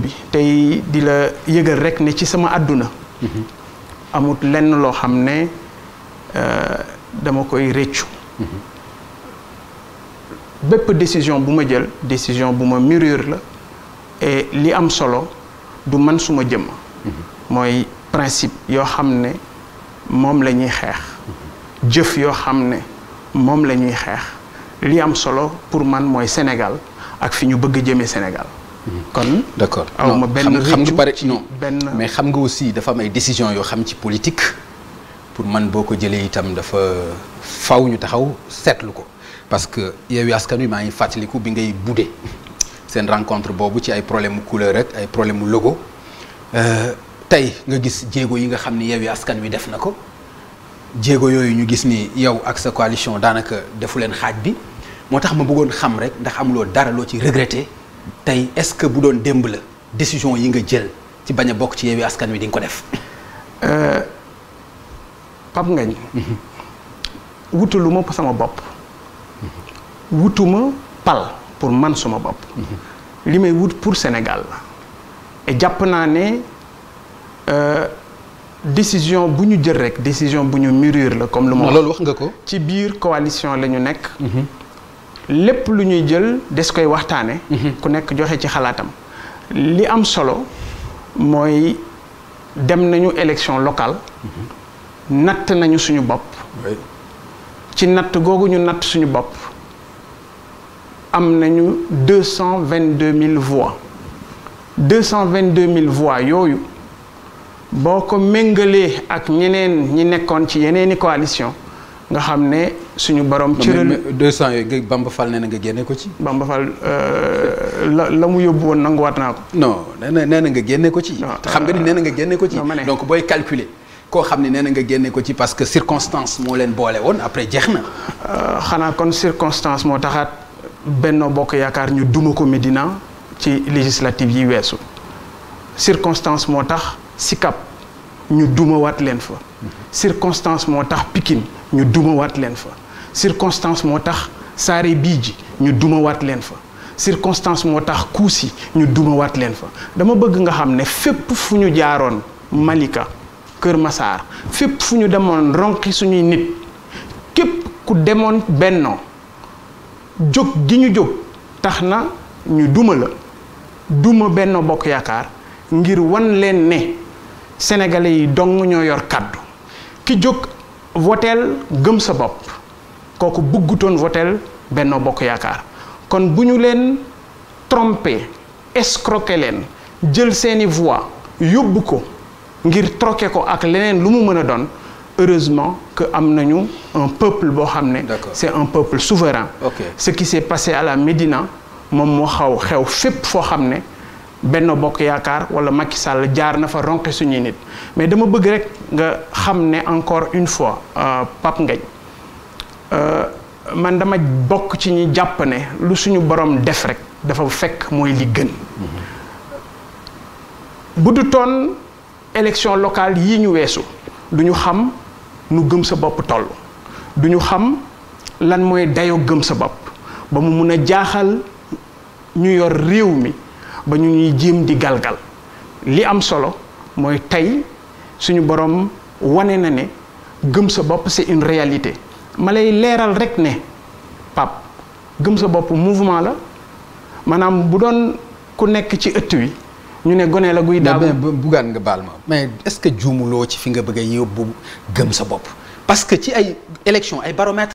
bi tey di la yëgal rek ne ci sama àdduna mhm. amut lenn loo xam ne euh, dama koy réccu mhm. bépp décision bu ma jël décision bu ma mûrir la et li am solo du man suma jëmm mhm. mooy principe yoo xam ne moom la ñuy xeex jëf yoo xam ne moom la ñuy xeex li am solo pour man mooy Sénégal ak fi ñu bëgg jëme Sénégal kon d'accord aw ma benn xam nga pare non benn mais xam nga aussi dafa am ay décision yoo xam ci politique pour man boo ko jëlee itam dafa faw ñu taxaw seetlu ko parce que Yewwi Askan Wi maa ngi fàttaliku bi ngay budde seen rencontre boobu ci ay problème mu couleur rek ay problème mu logo euh, tey nga gis jéego yi nga xam ni Yewwi Askan Wi def na ko jéego yooyu ñu gis ni yow ak sa coalition daanaka defu leen xaaj bi moo tax ma bëggoon xam rek ndax amuloo dara loo ci regretter tey est-ce que bu doon démb la décision yi nga jël ci bañ a bokk ci Yewwi Askan Wi di nga ko def. Euh, Pape Ngagne. Mhm. wutaluma sama bopp. Mhm. wutuma pal pour man sama bopp. Mhm. li may wut pour Sénégal la. jàpp naa ne euh, décision bu ñu jël rek décision bu ñu mûrir la comme lu ma. loolu wax nga ko. ci biir coalition la ñu nekk. lépp lu ñuy jël des koy waxtaane mhm. ku nekk joxe ci xalaatam li am solo mooy dem nañu élection locale mhm. natt nañu suñu bopp ci natt googu ñu natt suñu bopp am nañu deux vingt deux mille voix deux cent vingt deux mille voix yooyu boo ko méngalee ak ñeneen ñi nekkoon ci yeneeni coalition nga xam ne suñu borom. cëral 200 yooyu Bamba Fall nee na nga génnee ko ci. Bamba Fall euh, la la mu yóbbu woon nanguwaat naa ko. non nee na nee na nga génnee ko ci. Euh, xam nga ni nee na nga génne ko ci. donc booy calculer. ne nee na nga génne ko ci parce que circonstance moo leen boole woon après jeex na. Euh, xanaa kon circonstance moo taxaat Benno Bokk Yaakaar ñu duma ko Médina ci législative yi weesu circonstance moo tax Sicap ñu dumawaat leen fa mm-hmm. circonstance moo tax pikin ñu dumawaat leen fa. circonstance moo tax saare bii ji ñu dumawaat leen fa circonstance moo tax kuusi ñu dumawaat leen fa dama bëgg nga xam ne fépp fu ñu jaaroon Malika Kër Masaar fépp fu ñu demoon ronqi suñuy nit képp ku demoon bennoo jóg gi ñu jóg tax na ñu duma la duma Benno Bokk Yaakaar ngir wan leen ne sénégalais yi dong ñoo yor kàddu ki jóg voteel gëm sa bopp kooku buggutoon votel Benno Bokk Yaakaar kon bu ñu leen trompé escroqué leen jël seeni voix yóbbu ko ngir troqué ko ak leneen lu mu mën a doon heureusement que am nañu un peuple boo xam ne c'est un peuple souverain okay. ce qui s'est passé à la Médina moom moo xaw xew fépp foo xam ne Benno Bokk Yaakaar wala Macky Sall jaar na fa ronqe suñuy nit mais dama bëgg rek nga xam ne encore une fois euh, Pape Ngagne Euh, man dama bokk ci ñi jàpp ne lu suñu borom def rek dafa fekk mooy li gën mm-hmm. bu du toon élection locale yii ñu weesu du ñu xam nu gëm sa bopp toll du ñu xam lan mooy dayoo gëm sa bopp ba mu mun a jaaxal ñu yor réew mi ba ñu ñuy jéem di galgal li am solo mooy tey suñu borom wane na ne gëm sa bopp c'est une réalité malay leeral rek ne pap gëm sa bopp mouvement la maanaam bu doon ku nekk ci ëtt wi ñu ne gone la guy daagu buggaan nga baal ma mais est-ce que juumuloo ci fi nga bëggee a yóbbu gëm sa bopp parce que ci ay élection ay baromètre